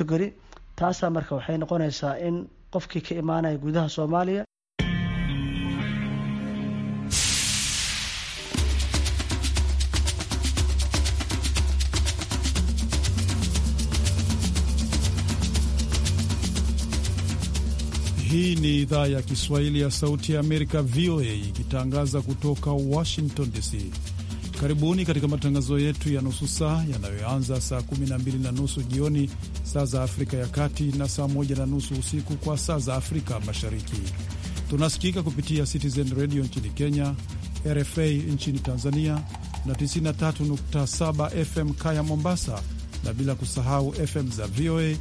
category taasaa marka waxay noqonaysaa in qofkii ka imaanaya gudaha Soomaaliya Hii ni idhaa ya Kiswahili ya Sauti ya Amerika, VOA, ikitangaza kutoka Washington DC. Karibuni katika matangazo yetu ya nusu saa yanayoanza saa 12 na nusu jioni saa za Afrika ya Kati na saa moja na nusu usiku kwa saa za Afrika Mashariki. Tunasikika kupitia Citizen Radio nchini Kenya, RFA nchini Tanzania na 93.7 FM Kaya Mombasa, na bila kusahau FM za VOA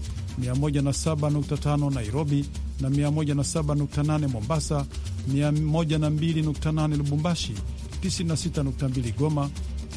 107.5 Nairobi na 107.8 Mombasa, 102.8 Lubumbashi, 96.2 Goma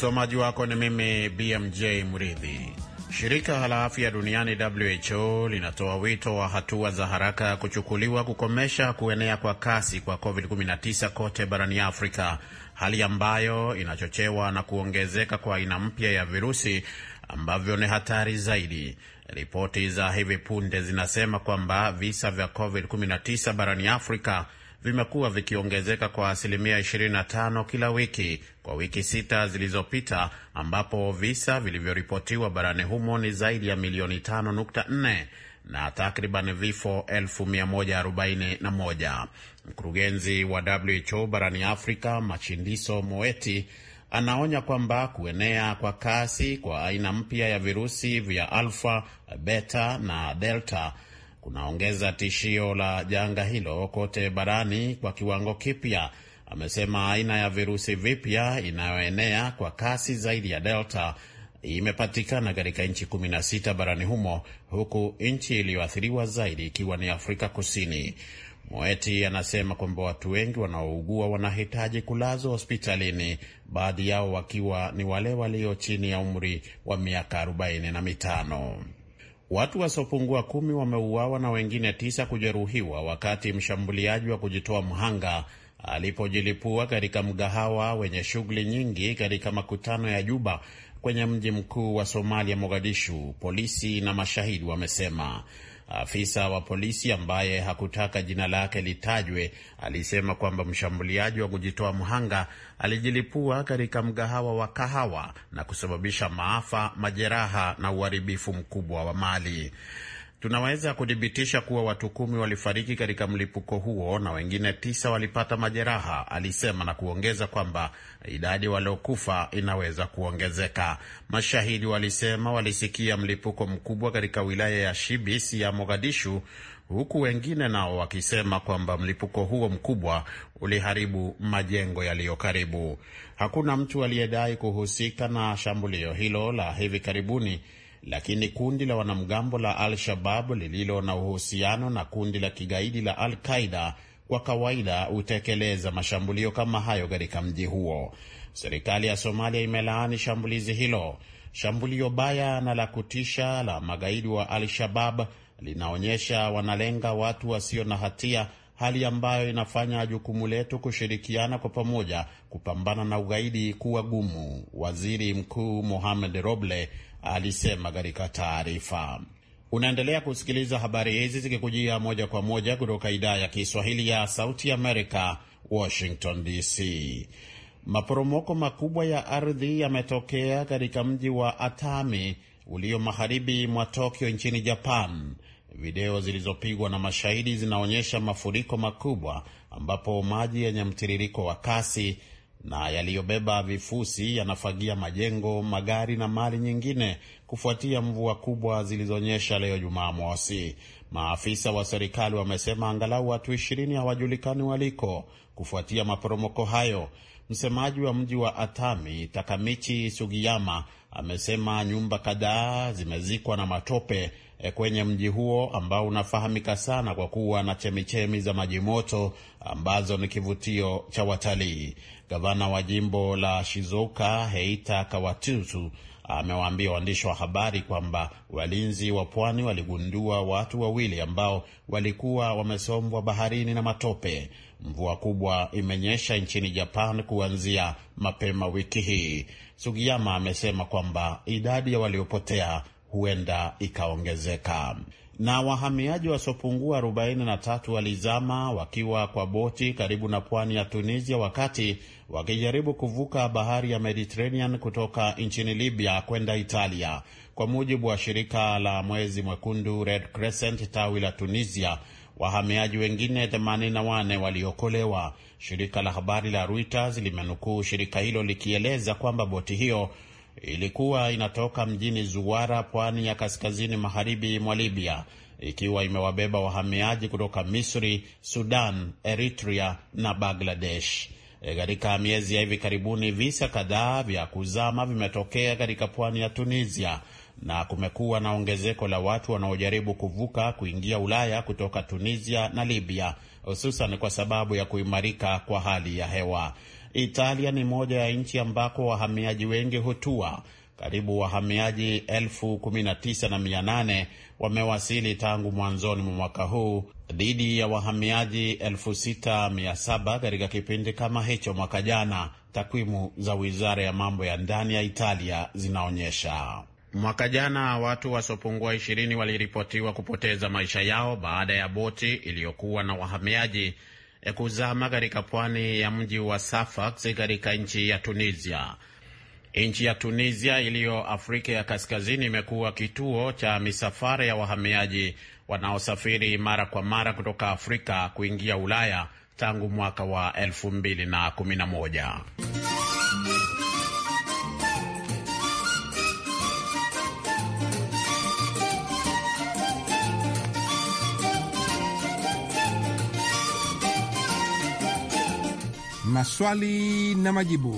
Msomaji wako ni mimi BMJ Mridhi. Shirika la afya duniani WHO linatoa wito wa hatua za haraka kuchukuliwa kukomesha kuenea kwa kasi kwa COVID-19 kote barani Afrika, hali ambayo inachochewa na kuongezeka kwa aina mpya ya virusi ambavyo ni hatari zaidi. Ripoti za hivi punde zinasema kwamba visa vya COVID-19 barani Afrika vimekuwa vikiongezeka kwa asilimia 25 kila wiki kwa wiki sita zilizopita, ambapo visa vilivyoripotiwa barani humo ni zaidi ya milioni 5.4 na takriban vifo 141. Mkurugenzi wa WHO barani Afrika Machindiso Moeti anaonya kwamba kuenea kwa kasi kwa aina mpya ya virusi vya alfa, beta na delta kunaongeza tishio la janga hilo kote barani kwa kiwango kipya. Amesema aina ya virusi vipya inayoenea kwa kasi zaidi ya Delta imepatikana katika nchi 16 barani humo, huku nchi iliyoathiriwa zaidi ikiwa ni Afrika Kusini. Moeti anasema kwamba watu wengi wanaougua wanahitaji kulazwa hospitalini, baadhi yao wakiwa ni wale walio chini ya umri wa miaka arobaini na mitano. Watu wasiopungua kumi wameuawa na wengine tisa kujeruhiwa wakati mshambuliaji wa kujitoa mhanga alipojilipua katika mgahawa wenye shughuli nyingi katika makutano ya Juba kwenye mji mkuu wa Somalia, Mogadishu, polisi na mashahidi wamesema. Afisa wa polisi ambaye hakutaka jina lake litajwe alisema kwamba mshambuliaji wa kujitoa mhanga alijilipua katika mgahawa wa kahawa na kusababisha maafa, majeraha na uharibifu mkubwa wa mali tunaweza kuthibitisha kuwa watu kumi walifariki katika mlipuko huo na wengine tisa walipata majeraha, alisema na kuongeza kwamba idadi waliokufa inaweza kuongezeka. Mashahidi walisema walisikia mlipuko mkubwa katika wilaya ya Shibis ya Mogadishu, huku wengine nao wakisema kwamba mlipuko huo mkubwa uliharibu majengo yaliyo karibu. Hakuna mtu aliyedai kuhusika na shambulio hilo la hivi karibuni lakini kundi la wanamgambo la Al-Shabab lililo na uhusiano na kundi la kigaidi la Al-Qaida kwa kawaida hutekeleza mashambulio kama hayo katika mji huo. Serikali ya Somalia imelaani shambulizi hilo. Shambulio baya na la kutisha la magaidi wa Al-Shabab linaonyesha wanalenga watu wasio na hatia, hali ambayo inafanya jukumu letu kushirikiana kwa pamoja kupambana na ugaidi kuwa gumu, waziri mkuu Mohamed Roble alisema katika taarifa. Unaendelea kusikiliza habari hizi zikikujia moja kwa moja kutoka idhaa ya Kiswahili ya Sauti Amerika, Washington DC. Maporomoko makubwa ya ardhi yametokea katika mji wa Atami ulio magharibi mwa Tokyo nchini Japan. Video zilizopigwa na mashahidi zinaonyesha mafuriko makubwa ambapo maji yenye mtiririko wa kasi na yaliyobeba vifusi yanafagia majengo, magari na mali nyingine kufuatia mvua kubwa zilizonyesha leo Jumamosi. Maafisa wa serikali wamesema angalau watu ishirini hawajulikani waliko kufuatia maporomoko hayo. Msemaji wa mji wa Atami Takamichi Sugiyama amesema nyumba kadhaa zimezikwa na matope e, kwenye mji huo ambao unafahamika sana kwa kuwa na chemichemi za maji moto ambazo ni kivutio cha watalii. Gavana wa jimbo la Shizuoka Heita kawatutu amewaambia waandishi wa habari kwamba walinzi wa pwani waligundua watu wawili ambao walikuwa wamesombwa baharini na matope. Mvua kubwa imenyesha nchini Japan kuanzia mapema wiki hii. Sugiyama amesema kwamba idadi ya waliopotea huenda ikaongezeka. Na wahamiaji wasiopungua 43 walizama wakiwa kwa boti karibu na pwani ya Tunisia wakati wakijaribu kuvuka bahari ya Mediterranean kutoka nchini Libya kwenda Italia, kwa mujibu wa shirika la Mwezi Mwekundu Red Crescent tawi la Tunisia. Wahamiaji wengine 84 waliokolewa. Shirika la habari la Reuters limenukuu shirika hilo likieleza kwamba boti hiyo ilikuwa inatoka mjini Zuwara, pwani ya kaskazini magharibi mwa Libya, ikiwa imewabeba wahamiaji kutoka Misri, Sudan, Eritrea na Bangladesh. E, katika miezi ya hivi karibuni, visa kadhaa vya kuzama vimetokea katika pwani ya Tunisia na kumekuwa na ongezeko la watu wanaojaribu kuvuka kuingia Ulaya kutoka Tunisia na Libya, hususan kwa sababu ya kuimarika kwa hali ya hewa. Italia ni moja ya nchi ambako wahamiaji wengi hutua. Karibu wahamiaji elfu kumi na tisa na mia nane wamewasili tangu mwanzoni mwa mwaka huu dhidi ya wahamiaji elfu sita mia saba katika kipindi kama hicho mwaka jana, takwimu za wizara ya mambo ya ndani ya Italia zinaonyesha. Mwaka jana watu wasiopungua ishirini waliripotiwa kupoteza maisha yao baada ya boti iliyokuwa na wahamiaji kuzama katika pwani ya mji wa Safax katika nchi ya Tunisia. Nchi ya Tunisia iliyo Afrika ya kaskazini imekuwa kituo cha misafara ya wahamiaji wanaosafiri mara kwa mara kutoka Afrika kuingia Ulaya tangu mwaka wa 2011. maswali na majibu.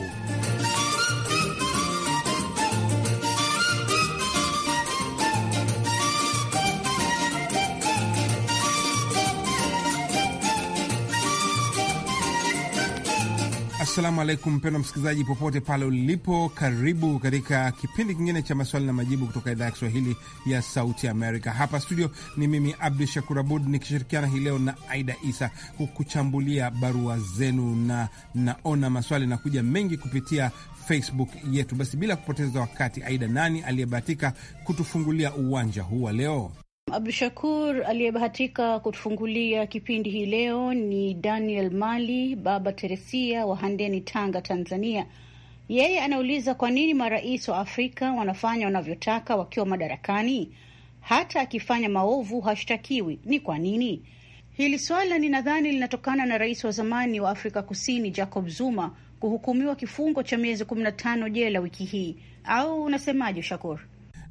Assalamu alaikum, mpendwa msikilizaji, popote pale ulipo, karibu katika kipindi kingine cha maswali na majibu kutoka idhaa ya Kiswahili ya Sauti Amerika. Hapa studio ni mimi Abdu Shakur Abud nikishirikiana hii leo na Aida Isa kukuchambulia barua zenu, na naona maswali nakuja mengi kupitia Facebook yetu. Basi bila kupoteza wakati, Aida, nani aliyebahatika kutufungulia uwanja huu wa leo? Abdushakur. Aliyebahatika kutufungulia kipindi hii leo ni Daniel Mali, baba Teresia wa Handeni, Tanga, Tanzania. Yeye anauliza kwa nini marais wa Afrika wanafanya wanavyotaka wakiwa madarakani? Hata akifanya maovu hashtakiwi, ni kwa nini? Hili swala ni nadhani linatokana na rais wa zamani wa Afrika Kusini Jacob Zuma kuhukumiwa kifungo cha miezi 15 jela wiki hii, au unasemaje Shakur?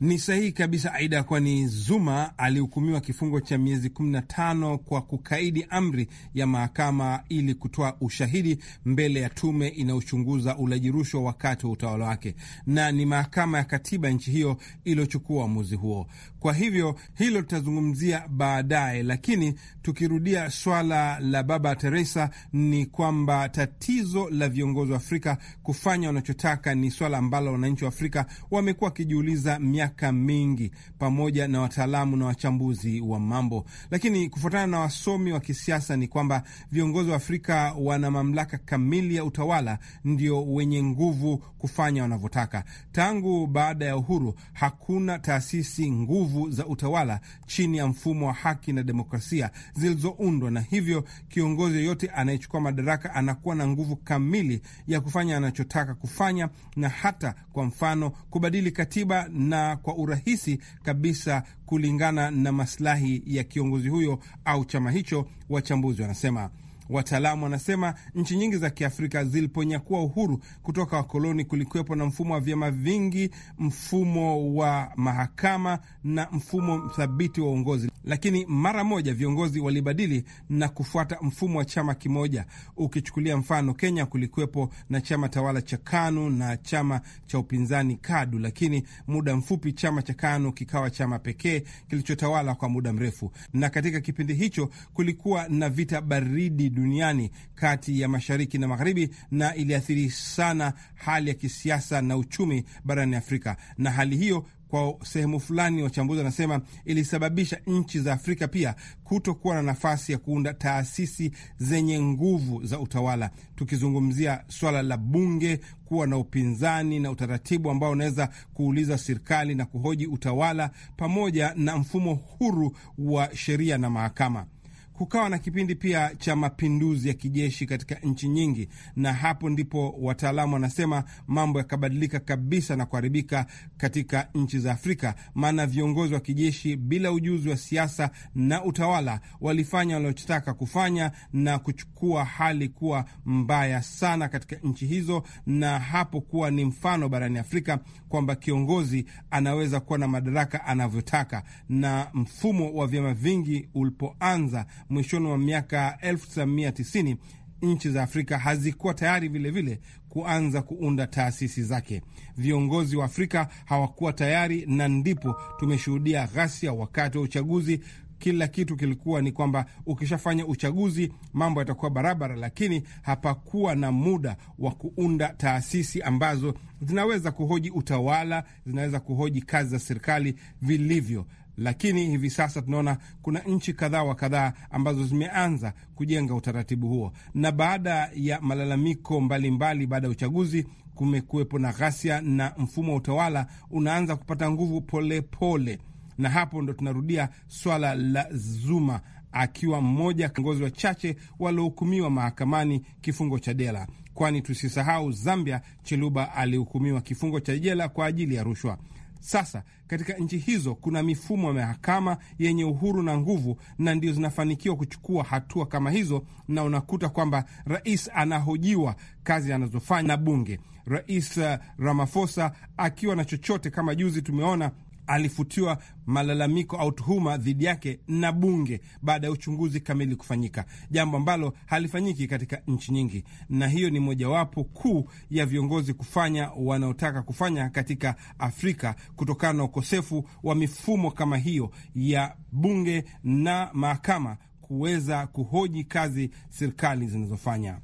Ni sahihi kabisa Aida, kwani Zuma alihukumiwa kifungo cha miezi 15 kwa kukaidi amri ya mahakama ili kutoa ushahidi mbele ya tume inayochunguza ulaji rushwa wakati wa utawala wake, na ni mahakama ya katiba nchi hiyo iliyochukua uamuzi huo. Kwa hivyo hilo tutazungumzia baadaye, lakini tukirudia swala la baba Teresa ni kwamba tatizo la viongozi wa Afrika kufanya wanachotaka ni swala ambalo wananchi wa Afrika wamekuwa wakijiuliza miaka miaka mingi, pamoja na wataalamu na wachambuzi wa mambo. Lakini kufuatana na wasomi wa kisiasa ni kwamba viongozi wa Afrika wana mamlaka kamili ya utawala, ndio wenye nguvu kufanya wanavyotaka. Tangu baada ya uhuru, hakuna taasisi nguvu za utawala chini ya mfumo wa haki na demokrasia zilizoundwa, na hivyo kiongozi yoyote anayechukua madaraka anakuwa na nguvu kamili ya kufanya anachotaka kufanya, na hata kwa mfano kubadili katiba na kwa urahisi kabisa kulingana na maslahi ya kiongozi huyo au chama hicho, wachambuzi wanasema. Wataalamu wanasema nchi nyingi za Kiafrika ziliponyakua uhuru kutoka wakoloni, kulikuwepo na mfumo wa vyama vingi, mfumo wa mahakama na mfumo thabiti wa uongozi, lakini mara moja viongozi walibadili na kufuata mfumo wa chama kimoja. Ukichukulia mfano Kenya, kulikuwepo na chama tawala cha KANU na chama cha upinzani KADU, lakini muda mfupi chama cha KANU kikawa chama pekee kilichotawala kwa muda mrefu, na katika kipindi hicho kulikuwa na vita baridi duniani kati ya mashariki na magharibi, na iliathiri sana hali ya kisiasa na uchumi barani Afrika, na hali hiyo kwa sehemu fulani wachambuzi wanasema ilisababisha nchi za Afrika pia kutokuwa na nafasi ya kuunda taasisi zenye nguvu za utawala, tukizungumzia swala la bunge kuwa na upinzani na utaratibu ambao unaweza kuuliza serikali na kuhoji utawala, pamoja na mfumo huru wa sheria na mahakama kukawa na kipindi pia cha mapinduzi ya kijeshi katika nchi nyingi, na hapo ndipo wataalamu wanasema mambo yakabadilika kabisa na kuharibika katika nchi za Afrika, maana viongozi wa kijeshi bila ujuzi wa siasa na utawala walifanya waliotaka kufanya na kuchukua hali kuwa mbaya sana katika nchi hizo, na hapo kuwa ni mfano barani Afrika kwamba kiongozi anaweza kuwa na madaraka anavyotaka, na mfumo wa vyama vingi ulipoanza mwishoni mwa miaka 1990 nchi za Afrika hazikuwa tayari vilevile vile kuanza kuunda taasisi zake. Viongozi wa Afrika hawakuwa tayari, na ndipo tumeshuhudia ghasia wakati wa uchaguzi. Kila kitu kilikuwa ni kwamba ukishafanya uchaguzi mambo yatakuwa barabara, lakini hapakuwa na muda wa kuunda taasisi ambazo zinaweza kuhoji utawala, zinaweza kuhoji kazi za serikali vilivyo lakini hivi sasa tunaona kuna nchi kadhaa wa kadhaa ambazo zimeanza kujenga utaratibu huo, na baada ya malalamiko mbalimbali baada ya uchaguzi kumekuwepo na ghasia na mfumo wa utawala unaanza kupata nguvu polepole pole. Na hapo ndo tunarudia swala la Zuma akiwa mmoja kiongozi wachache waliohukumiwa mahakamani kifungo cha jela, kwani tusisahau Zambia, Chiluba alihukumiwa kifungo cha jela kwa ajili ya rushwa. Sasa katika nchi hizo kuna mifumo ya mahakama yenye uhuru na nguvu, na ndio zinafanikiwa kuchukua hatua kama hizo, na unakuta kwamba rais anahojiwa kazi anazofanya na bunge, Rais eh, Ramaphosa akiwa na chochote, kama juzi tumeona alifutiwa malalamiko au tuhuma dhidi yake na bunge baada ya uchunguzi kamili kufanyika, jambo ambalo halifanyiki katika nchi nyingi, na hiyo ni mojawapo kuu ya viongozi kufanya wanaotaka kufanya katika Afrika kutokana na ukosefu wa mifumo kama hiyo ya bunge na mahakama kuweza kuhoji kazi serikali zinazofanya.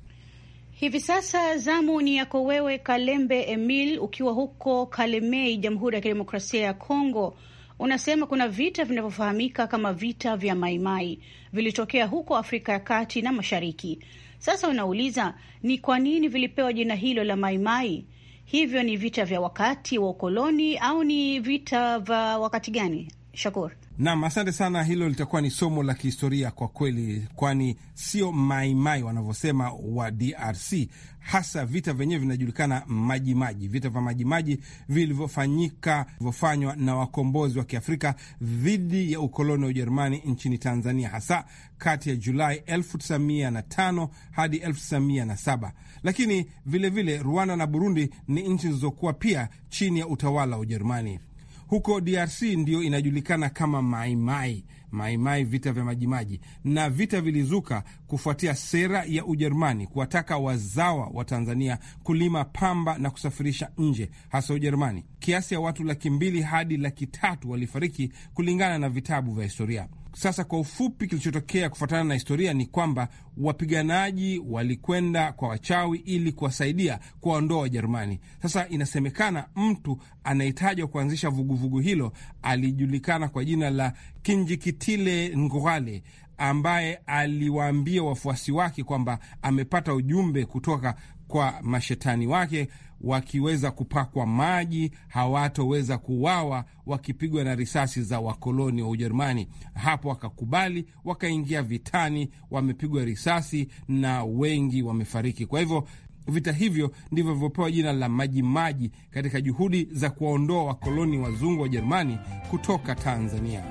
Hivi sasa zamu ni yako wewe, Kalembe Emil, ukiwa huko Kalemei, Jamhuri ya Kidemokrasia ya Kongo. Unasema kuna vita vinavyofahamika kama vita vya Maimai vilitokea huko Afrika ya Kati na Mashariki. Sasa unauliza ni kwa nini vilipewa jina hilo la Maimai? Hivyo ni vita vya wakati wa ukoloni au ni vita vya wakati gani, Shakur? Nam, asante sana. Hilo litakuwa ni somo la kihistoria kwa kweli, kwani sio maimai wanavyosema wa DRC. Hasa vita vyenyewe vinajulikana majimaji, vita vya majimaji vilivyofanyika vilivyofanywa na wakombozi wa Kiafrika dhidi ya ukoloni wa Ujerumani nchini Tanzania, hasa kati ya Julai 1905 hadi 1907. Lakini vilevile vile, Rwanda na Burundi ni nchi zilizokuwa pia chini ya utawala wa Ujerumani huko DRC ndiyo inajulikana kama maimai maimai vita vya majimaji. Na vita vilizuka kufuatia sera ya Ujerumani kuwataka wazawa wa Tanzania kulima pamba na kusafirisha nje, hasa Ujerumani. Kiasi ya watu laki mbili hadi laki tatu walifariki kulingana na vitabu vya historia. Sasa kwa ufupi, kilichotokea kufuatana na historia ni kwamba wapiganaji walikwenda kwa wachawi ili kuwasaidia kuwaondoa Wajerumani. Sasa inasemekana mtu anayetajwa kuanzisha vuguvugu hilo alijulikana kwa jina la Kinjikitile Ngwale ambaye aliwaambia wafuasi wake kwamba amepata ujumbe kutoka kwa mashetani wake wakiweza kupakwa maji hawatoweza kuwawa wakipigwa na risasi za wakoloni wa Ujerumani. Hapo wakakubali wakaingia vitani, wamepigwa risasi na wengi wamefariki. Kwa hivyo vita hivyo ndivyo vilivyopewa jina la maji maji katika juhudi za kuwaondoa wakoloni wazungu wa Ujerumani kutoka Tanzania.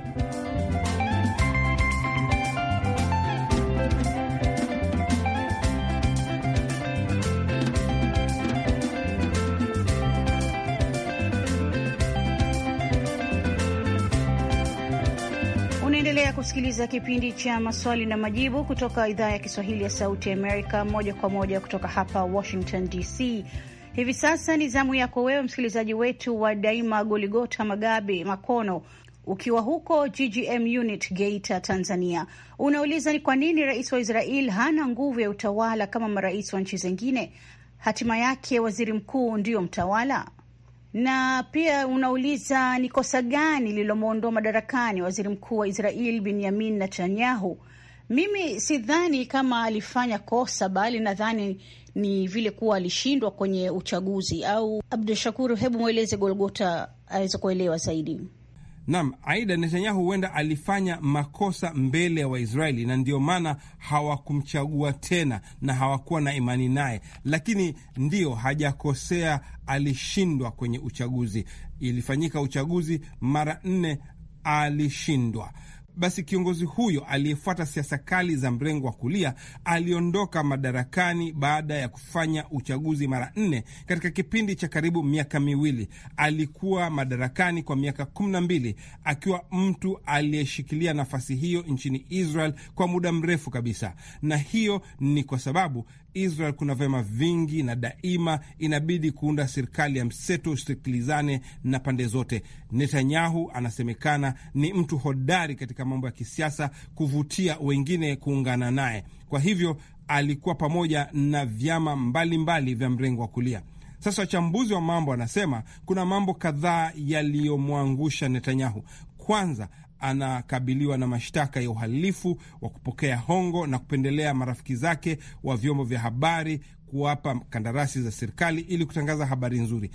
kusikiliza kipindi cha maswali na majibu kutoka idhaa ya Kiswahili ya Sauti Amerika, moja kwa moja kutoka hapa Washington DC. Hivi sasa ni zamu yako wewe, msikilizaji wetu wa daima, Goligota Magabe Makono, ukiwa huko GGM unit Geita, Tanzania. Unauliza ni kwa nini rais wa Israel hana nguvu ya utawala kama marais wa nchi zingine, hatima yake waziri mkuu ndiyo mtawala na pia unauliza ni kosa gani lililomwondoa madarakani waziri mkuu wa Israel Benyamin Netanyahu. Mimi sidhani kama alifanya kosa, bali nadhani ni vile kuwa alishindwa kwenye uchaguzi. Au Abdu Shakuru, hebu mweleze Golgota aweze kuelewa zaidi. Naam, aidha Netanyahu huenda alifanya makosa mbele ya wa Waisraeli na ndiyo maana hawakumchagua tena na hawakuwa na imani naye, lakini ndiyo hajakosea, alishindwa kwenye uchaguzi. Ilifanyika uchaguzi mara nne, alishindwa basi kiongozi huyo aliyefuata siasa kali za mrengo wa kulia aliondoka madarakani baada ya kufanya uchaguzi mara nne katika kipindi cha karibu miaka miwili. Alikuwa madarakani kwa miaka kumi na mbili akiwa mtu aliyeshikilia nafasi hiyo nchini Israel kwa muda mrefu kabisa, na hiyo ni kwa sababu Israel kuna vyama vingi na daima inabidi kuunda serikali ya mseto usikilizane na pande zote. Netanyahu anasemekana ni mtu hodari katika mambo ya kisiasa, kuvutia wengine kuungana naye. Kwa hivyo alikuwa pamoja na vyama mbalimbali vya mrengo wa kulia. Sasa wachambuzi wa mambo wanasema kuna mambo kadhaa yaliyomwangusha Netanyahu. Kwanza, anakabiliwa na mashtaka ya uhalifu wa kupokea hongo na kupendelea marafiki zake wa vyombo vya habari kuwapa kandarasi za serikali ili kutangaza habari nzuri.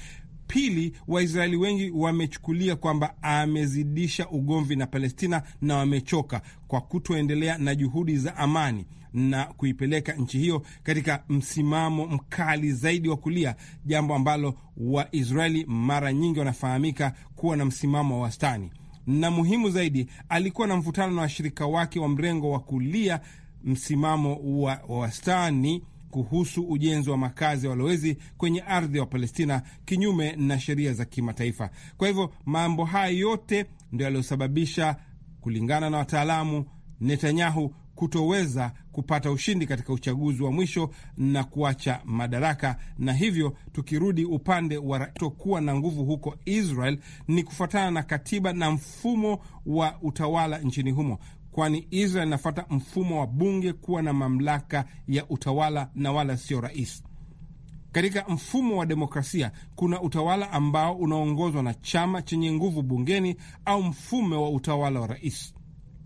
Pili, Waisraeli wengi wamechukulia kwamba amezidisha ugomvi na Palestina na wamechoka kwa kutoendelea na juhudi za amani na kuipeleka nchi hiyo katika msimamo mkali zaidi wa kulia, jambo ambalo Waisraeli mara nyingi wanafahamika kuwa na msimamo wa wastani na muhimu zaidi, alikuwa na mvutano na washirika wake wa mrengo wa kulia, msimamo wa wastani kuhusu ujenzi wa makazi ya walowezi kwenye ardhi ya Palestina kinyume na sheria za kimataifa. Kwa hivyo mambo haya yote ndio yaliyosababisha, kulingana na wataalamu, Netanyahu kutoweza kupata ushindi katika uchaguzi wa mwisho na kuacha madaraka, na hivyo tukirudi upande wa kutokuwa na nguvu huko Israel ni kufuatana na katiba na mfumo wa utawala nchini humo kwani Israel inafuata mfumo wa bunge kuwa na mamlaka ya utawala na wala sio rais. Katika mfumo wa demokrasia kuna utawala ambao unaongozwa na chama chenye nguvu bungeni au mfumo wa utawala wa rais.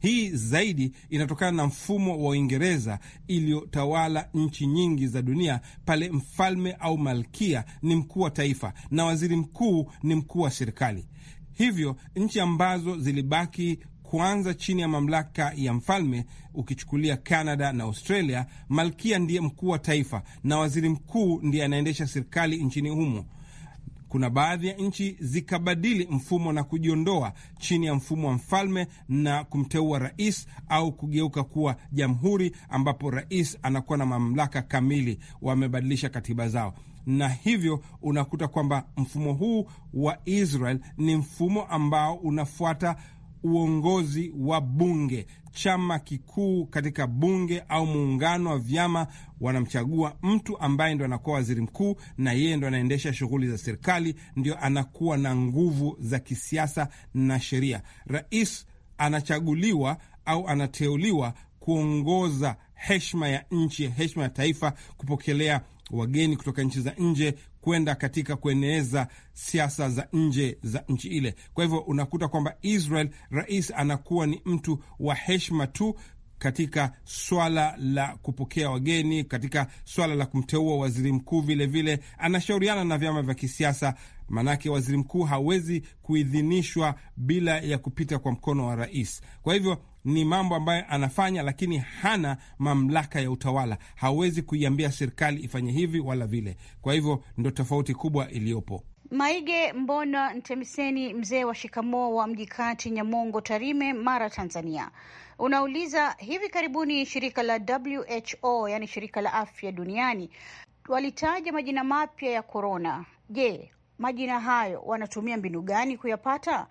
Hii zaidi inatokana na mfumo wa Uingereza iliyotawala nchi nyingi za dunia pale mfalme au malkia ni mkuu wa taifa na waziri mkuu ni mkuu wa serikali. Hivyo nchi ambazo zilibaki kwanza chini ya mamlaka ya mfalme, ukichukulia Canada na Australia, malkia ndiye mkuu wa taifa na waziri mkuu ndiye anaendesha serikali nchini humo kuna baadhi ya nchi zikabadili mfumo na kujiondoa chini ya mfumo wa mfalme na kumteua rais au kugeuka kuwa jamhuri ambapo rais anakuwa na mamlaka kamili. Wamebadilisha katiba zao, na hivyo unakuta kwamba mfumo huu wa Israel ni mfumo ambao unafuata uongozi wa bunge. Chama kikuu katika bunge au muungano wa vyama wanamchagua mtu ambaye ndo anakuwa waziri mkuu, na yeye ndo anaendesha shughuli za serikali, ndio anakuwa na nguvu za kisiasa na sheria. Rais anachaguliwa au anateuliwa kuongoza heshima ya nchi, heshima ya taifa, kupokelea wageni kutoka nchi za nje kwenda katika kueneza siasa za nje za nchi ile. Kwa hivyo unakuta kwamba Israel, rais anakuwa ni mtu wa heshima tu, katika swala la kupokea wageni, katika swala la kumteua waziri mkuu vilevile anashauriana na vyama vya kisiasa, maanake waziri mkuu hawezi kuidhinishwa bila ya kupita kwa mkono wa rais. Kwa hivyo ni mambo ambayo anafanya, lakini hana mamlaka ya utawala. Hawezi kuiambia serikali ifanye hivi wala vile. Kwa hivyo ndo tofauti kubwa iliyopo. Maige Mbona Ntemiseni, mzee wa shikamoo wa mjikati Nyamongo, Tarime, Mara, Tanzania unauliza hivi karibuni shirika la WHO, yani shirika la afya duniani, walitaja majina mapya ya korona. Je, majina hayo wanatumia mbinu gani kuyapata?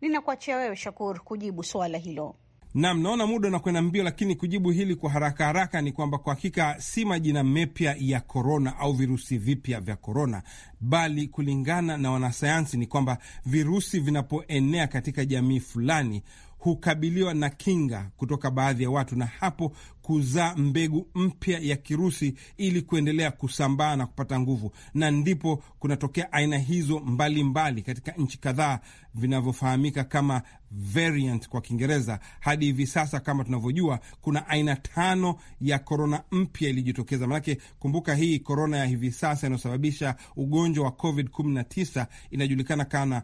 Ninakuachia wewe Shakur kujibu swala hilo. Nam, naona muda unakwenda mbio, lakini kujibu hili kwa haraka haraka ni kwamba kwa hakika si majina mapya ya korona au virusi vipya vya korona, bali kulingana na wanasayansi ni kwamba virusi vinapoenea katika jamii fulani hukabiliwa na kinga kutoka baadhi ya watu, na hapo kuzaa mbegu mpya ya kirusi ili kuendelea kusambaa na kupata nguvu, na ndipo kunatokea aina hizo mbalimbali mbali katika nchi kadhaa vinavyofahamika kama variant kwa Kiingereza. Hadi hivi sasa kama tunavyojua, kuna aina tano ya korona mpya ilijitokeza. Manake kumbuka, hii korona ya hivi sasa inayosababisha ugonjwa wa COVID 19 inajulikana kama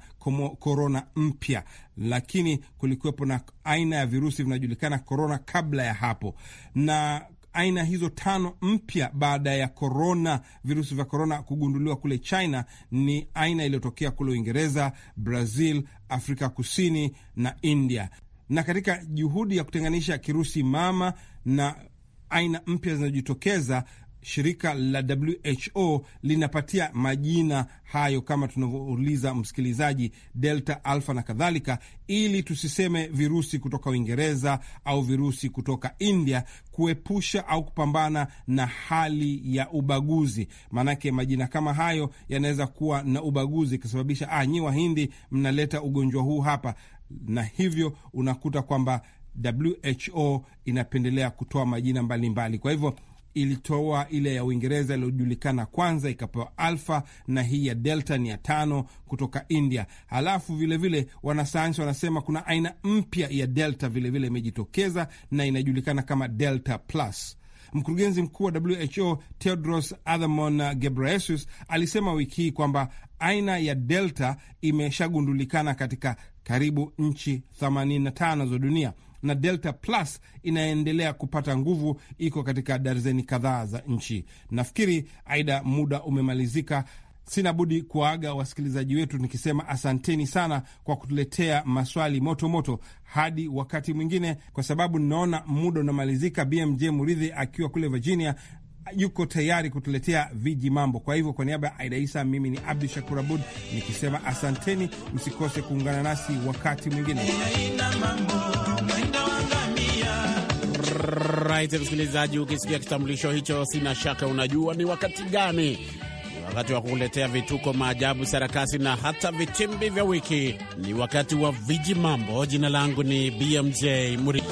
korona mpya, lakini kulikuwepo na aina ya virusi vinajulikana korona kabla ya hapo na aina hizo tano mpya baada ya korona virusi vya korona kugunduliwa kule China ni aina iliyotokea kule Uingereza, Brazil, Afrika Kusini na India. Na katika juhudi ya kutenganisha kirusi mama na aina mpya zinazojitokeza shirika la WHO linapatia majina hayo kama tunavyouliza msikilizaji, delta, Alpha na kadhalika, ili tusiseme virusi kutoka Uingereza au virusi kutoka India, kuepusha au kupambana na hali ya ubaguzi. Maanake majina kama hayo yanaweza kuwa na ubaguzi, ikisababisha ah, nyi Wahindi mnaleta ugonjwa huu hapa, na hivyo unakuta kwamba WHO inapendelea kutoa majina mbalimbali mbali. Kwa hivyo ilitoa ile ya Uingereza iliyojulikana kwanza, ikapewa Alfa na hii ya Delta ni ya tano kutoka India. Halafu vilevile wanasayansi wanasema kuna aina mpya ya Delta vilevile imejitokeza na inajulikana kama Delta Plus. Mkurugenzi mkuu wa WHO Tedros Adhanom Ghebreyesus alisema wiki hii kwamba aina ya Delta imeshagundulikana katika karibu nchi 85 za dunia na Delta Plus inaendelea kupata nguvu, iko katika darzeni kadhaa za nchi. Nafikiri aidha, muda umemalizika. Sina budi kuwaaga wasikilizaji wetu nikisema asanteni sana kwa kutuletea maswali motomoto moto. Hadi wakati mwingine, kwa sababu ninaona muda unamalizika. BMJ Muridhi akiwa kule Virginia yuko tayari kutuletea viji mambo. Kwa hivyo, kwa niaba ya Aida Isa, mimi ni Abdu Shakur Abud nikisema asanteni, msikose kuungana nasi wakati mwingine. Right, msikilizaji, ukisikia kitambulisho hicho, sina shaka unajua ni wakati gani. Ni wakati wa kuletea vituko, maajabu, sarakasi na hata vitimbi vya wiki. Ni wakati wa viji mambo. Jina langu ni BMJ Muri.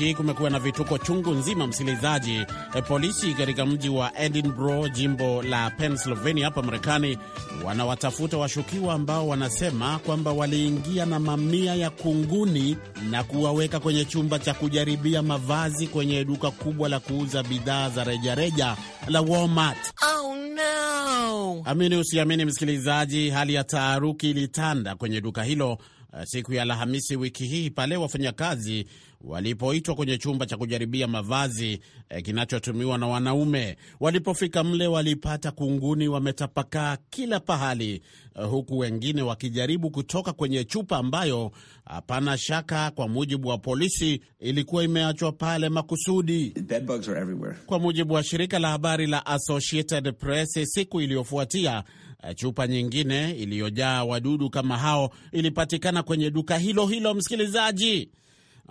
wiki kumekuwa na vituko chungu nzima, msikilizaji. E, polisi katika mji wa Edinburgh, jimbo la Pennsylvania hapa Marekani, wanawatafuta washukiwa ambao wanasema kwamba waliingia na mamia ya kunguni na kuwaweka kwenye chumba cha kujaribia mavazi kwenye duka kubwa la kuuza bidhaa za rejareja la Walmart. Oh, no. Amini usiamini, msikilizaji, hali ya taharuki ilitanda kwenye duka hilo Eh, siku ya Alhamisi wiki hii pale wafanyakazi walipoitwa kwenye chumba cha kujaribia mavazi eh, kinachotumiwa na wanaume. Walipofika mle, walipata kunguni wametapakaa kila pahali, eh, huku wengine wakijaribu kutoka kwenye chupa ambayo hapana shaka, kwa mujibu wa polisi, ilikuwa imeachwa pale makusudi. Bedbugs are everywhere. Kwa mujibu wa shirika la habari la Associated Press siku iliyofuatia Eh, chupa nyingine iliyojaa wadudu kama hao ilipatikana kwenye duka hilo hilo, msikilizaji.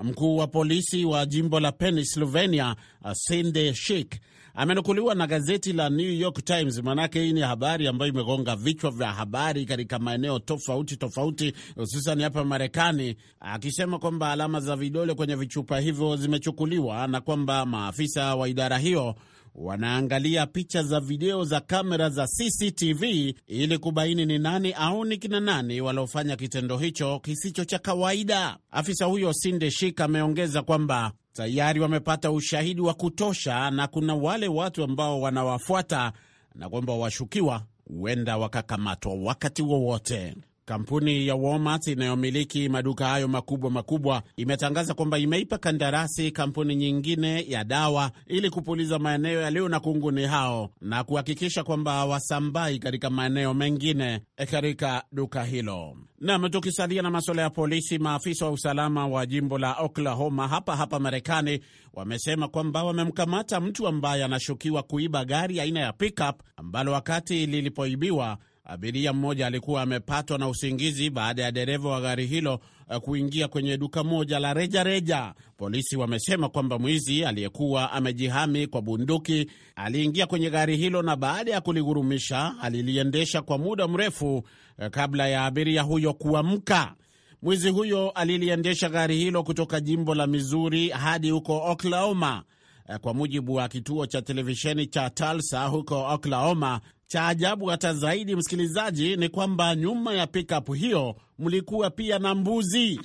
Mkuu wa polisi wa jimbo la Pennsylvania Sinde eh, Shik amenukuliwa na gazeti la New York Times. Maanake hii ni habari ambayo imegonga vichwa vya habari katika maeneo tofauti tofauti, hususan hapa Marekani, akisema kwamba alama za vidole kwenye vichupa hivyo zimechukuliwa na kwamba maafisa wa idara hiyo wanaangalia picha za video za kamera za CCTV ili kubaini ni nani au ni kina nani waliofanya kitendo hicho kisicho cha kawaida. Afisa huyo Sinde Shik ameongeza kwamba tayari wamepata ushahidi wa kutosha na kuna wale watu ambao wanawafuata na kwamba washukiwa huenda wakakamatwa wakati wowote. Kampuni ya Walmart inayomiliki maduka hayo makubwa makubwa imetangaza kwamba imeipa kandarasi kampuni nyingine ya dawa ili kupuliza maeneo yaliyo na kunguni hao na kuhakikisha kwamba hawasambai katika maeneo mengine katika duka hilo. Nam, tukisalia na masuala ya polisi, maafisa wa usalama wa jimbo la Oklahoma hapa hapa Marekani wamesema kwamba wamemkamata mtu ambaye anashukiwa kuiba gari aina ya pickup ambalo wakati lilipoibiwa abiria mmoja alikuwa amepatwa na usingizi baada ya dereva wa gari hilo eh, kuingia kwenye duka moja la rejareja reja. Polisi wamesema kwamba mwizi aliyekuwa amejihami kwa bunduki aliingia kwenye gari hilo na baada ya kulighurumisha aliliendesha kwa muda mrefu eh, kabla ya abiria huyo kuamka. Mwizi huyo aliliendesha gari hilo kutoka jimbo la Mizuri hadi huko Oklahoma Eh, kwa mujibu wa kituo cha televisheni cha Tulsa huko Oklahoma. Cha ajabu hata zaidi, msikilizaji, ni kwamba nyuma ya pikapu hiyo mlikuwa pia na mbuzi.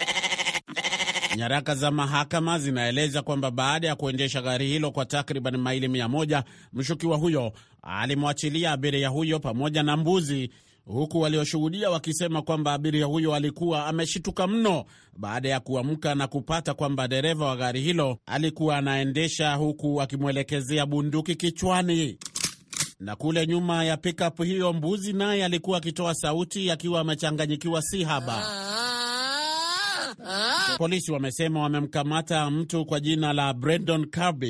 Nyaraka za mahakama zinaeleza kwamba baada ya kuendesha gari hilo kwa takriban maili mia moja, mshukiwa huyo alimwachilia abiria huyo pamoja na mbuzi huku walioshuhudia wakisema kwamba abiria huyo alikuwa ameshituka mno baada ya kuamka na kupata kwamba dereva wa gari hilo alikuwa anaendesha huku akimwelekezea bunduki kichwani. Na kule nyuma ya pikap hiyo, mbuzi naye alikuwa akitoa sauti akiwa amechanganyikiwa si haba. Polisi wamesema wamemkamata mtu kwa jina la Brandon Kirby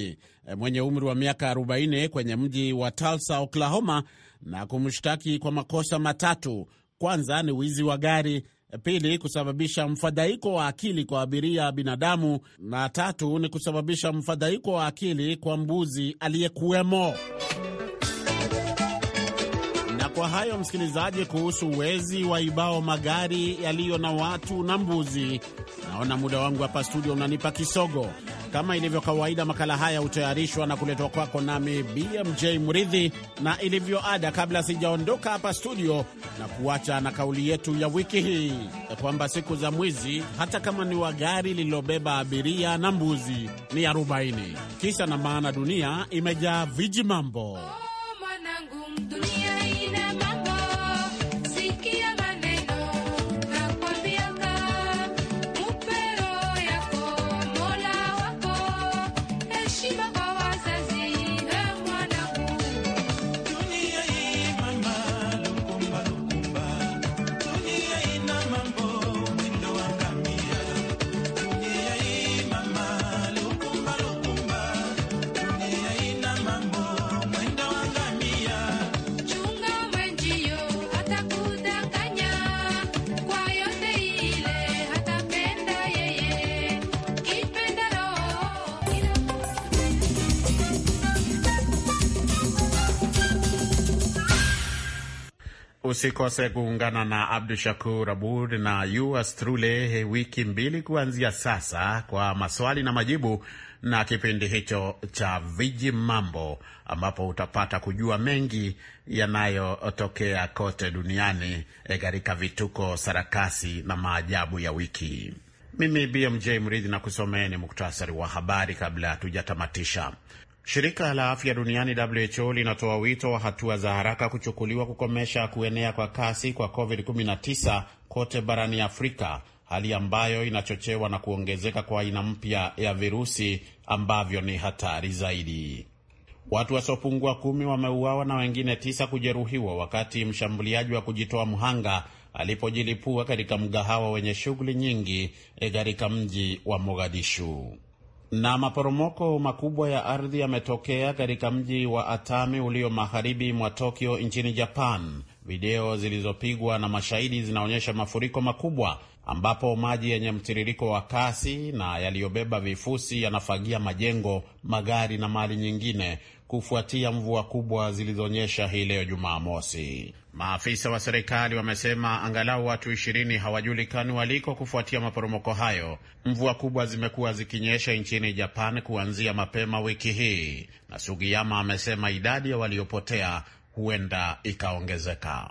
eh, mwenye umri wa miaka 40 kwenye mji wa Tulsa, Oklahoma na kumshtaki kwa makosa matatu. Kwanza ni wizi wa gari, pili kusababisha mfadhaiko wa akili kwa abiria binadamu, na tatu ni kusababisha mfadhaiko wa akili kwa mbuzi aliyekuwemo. Na kwa hayo, msikilizaji, kuhusu wezi wa ibao magari yaliyo na watu na mbuzi, naona muda wangu hapa studio unanipa kisogo. Kama ilivyo kawaida, makala haya hutayarishwa na kuletwa kwako nami BMJ Mridhi, na ilivyo ada, kabla sijaondoka hapa studio na kuacha na kauli yetu ya wiki hii kwamba siku za mwizi, hata kama ni wa gari lililobeba abiria na mbuzi, ni arobaini. Kisa na maana, dunia imejaa viji mambo. Oh, Usikose kuungana na Abdu Shakur Abud na Us Trule eh, wiki mbili kuanzia sasa kwa maswali na majibu na kipindi hicho cha Viji Mambo, ambapo utapata kujua mengi yanayotokea kote duniani eh, katika vituko, sarakasi na maajabu ya wiki. Mimi BMJ Mridhi na kusomeeni muktasari wa habari kabla hatujatamatisha. Shirika la afya duniani WHO linatoa wito wa hatua za haraka kuchukuliwa kukomesha kuenea kwa kasi kwa COVID-19 kote barani Afrika, hali ambayo inachochewa na kuongezeka kwa aina mpya ya virusi ambavyo ni hatari zaidi. Watu wasiopungua kumi wameuawa na wengine tisa kujeruhiwa wakati mshambuliaji wa kujitoa mhanga alipojilipua katika mgahawa wenye shughuli nyingi eh, katika mji wa Mogadishu. Na maporomoko makubwa ya ardhi yametokea katika mji wa Atami ulio magharibi mwa Tokyo nchini Japan. Video zilizopigwa na mashahidi zinaonyesha mafuriko makubwa ambapo maji yenye mtiririko wa kasi na yaliyobeba vifusi yanafagia majengo, magari na mali nyingine kufuatia mvua kubwa zilizonyesha hii leo Jumamosi. Maafisa wa serikali wamesema angalau watu ishirini hawajulikani waliko kufuatia maporomoko hayo. Mvua kubwa zimekuwa zikinyesha nchini Japan kuanzia mapema wiki hii, na Sugiyama amesema idadi ya waliopotea huenda ikaongezeka.